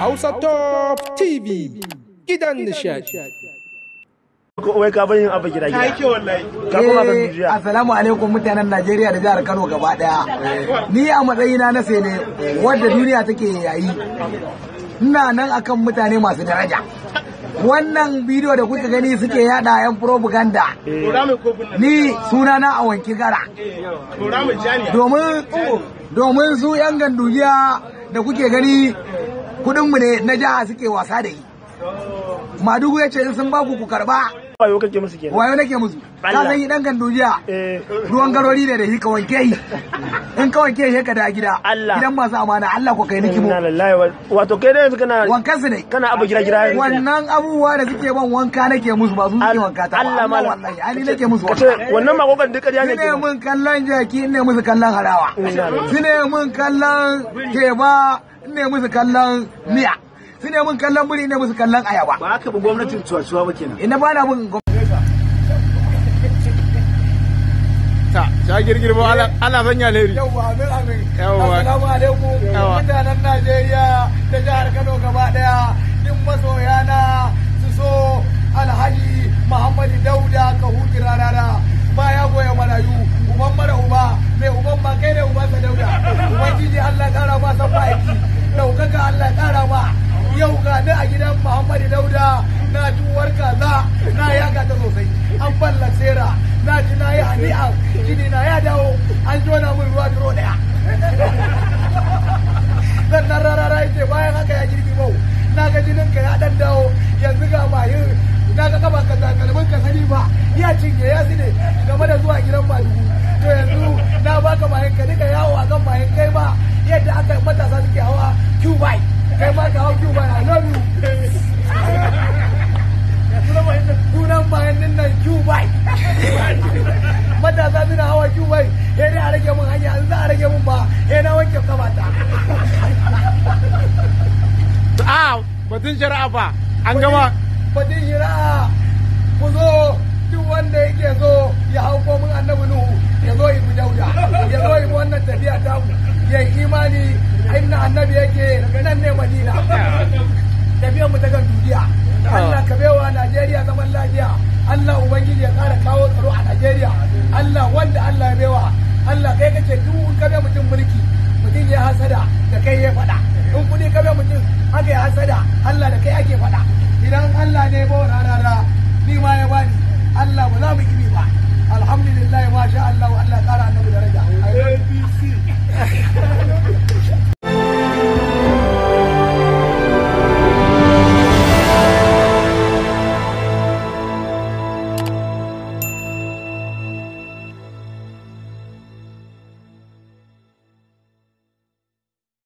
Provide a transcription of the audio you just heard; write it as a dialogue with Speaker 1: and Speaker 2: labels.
Speaker 1: Hausa Top TV gidan nishadi. Wai ka bayin abu gida gida. Ka wallahi. abin dujiya eh, Assalamu alaikum mutanen Najeriya da jihar Kano gaba daya. Ni a matsayina na sai ne wadda duniya take yayi. Ina nan akan mutane masu daraja. wannan bidiyo da kuka gani suke yada yan propaganda ni sunana a wanki gara domin su yan gandujiya da kuke gani kudinmu ne na jiha suke wasa da yi madugu ya ce in sun baku ku karba wayo kake musu kenan wayo nake musu ka san dan gandojiya eh. ruwan garori ne da shi ka wanke yi in ka wanke shi ka da gida gidan masu amana Allah ko kai niki mu wato kai ne yanzu kana wankan su ne kana abu gira gira wannan abubuwa da suke ban wanka nake musu ba su suke wanka ta Allah ma wallahi ani nake musu wanka wannan ma kokan duk ƙarya nake ne mun kallon jaki ne musu kallon harawa ne mun kallon keba ne musu kallon miya su ne mun kallon buri ne musu kallon ayaba ba haka ba gwamnatin cuwa-cuwa ba kenan ina ba na mun ta ta ba ana leri yawwa amin amin assalamu alaikum mutanen Najeriya jihar Kano gaba daya din masoya ni a gidan muhammadu dauda na ji warka na yaga ta sosai an balla sera na ji na yi hani'a gini na ya dawo an jona min ruwa duro daya sannan rarara yake bayan haka ya girgi mau na ga jinin ka ya dan dawo yanzu ga na ga kaba ka takalmin ka sani ba ya cinye ya sine game da zuwa gidan madugu to yanzu na baka mahin ka duka yawo a kan mahin kai ba yadda aka matasa suke hawa q kai ma ka hau kiwo ba I love you sunan bayan nan kiwo ba matasa suna hawa kiwo ba Ya dai a rage mun hanya an za a rage mun ba ya na wanke kabata a ah, batun shari'a ba an gama batun shari'a ku zo duk wanda yake zo ya hau komin annabi nuhu ya zo ibu dauda mu ta kan duniya ah. Allah ka baiwa Najeriya zaman lafiya Allah ubangiji ya kara kawo tsaro a